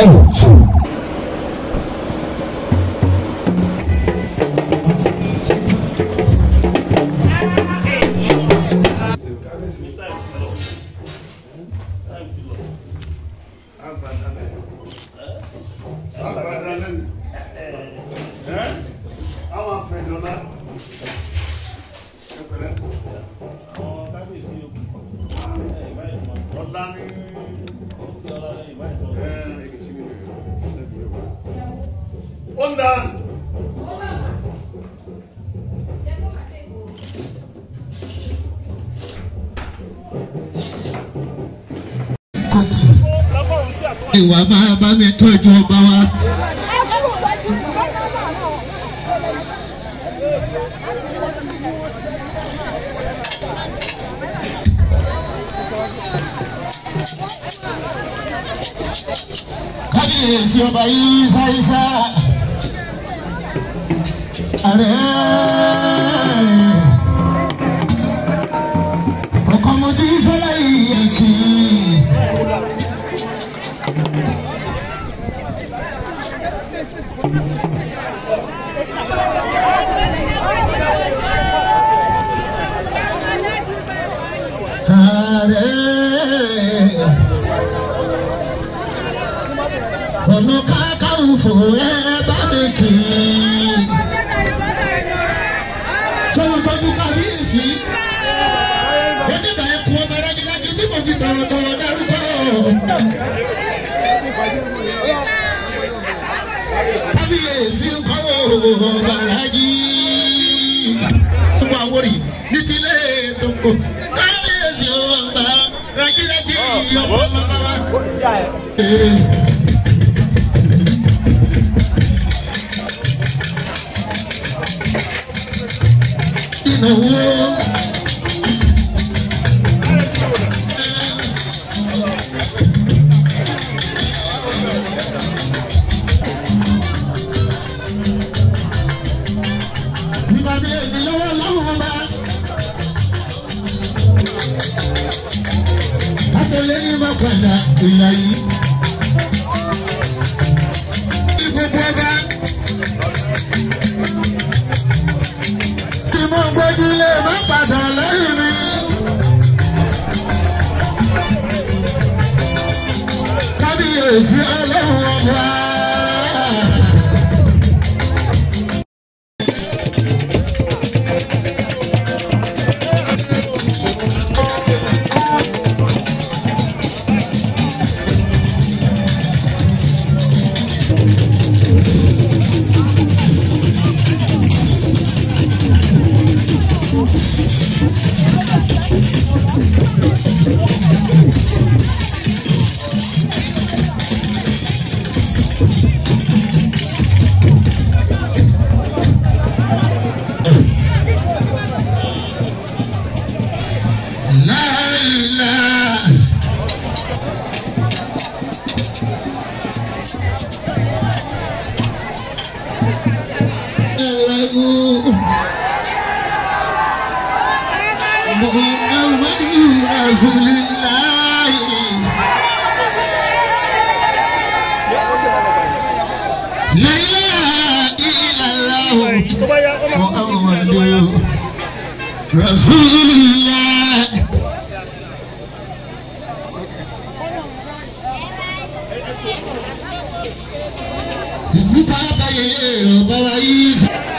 ẹ̀yìn jù. Ọlá ní. là. ìwà máa bá mi tọ́jú ọba wa. kábíyèsí ọba yìí sáyé rẹ̀. ọkọ mo ti fẹ́lẹ̀ yìí kì í. ọ̀nà kákàǹfò ẹ bá mi kì í. kábíyèsí ń kọ́ bàrájì gbogbo àwọn òrì ní tilé tó kù kábíyèsí ń bàrájì rájì ọ̀pọ̀ mọ́mọ́. lé ní mọ̀kànlá ìyá yìí. ní gbogbo ọba tí mo gbójú lé má padà lẹ́yìn mi. kábíyèsí ọlọ́run ọba. Allahu Allahu Allahu Allahu Allahu Rasulullah. Ìkú bá bá yẹyẹ ọ̀bá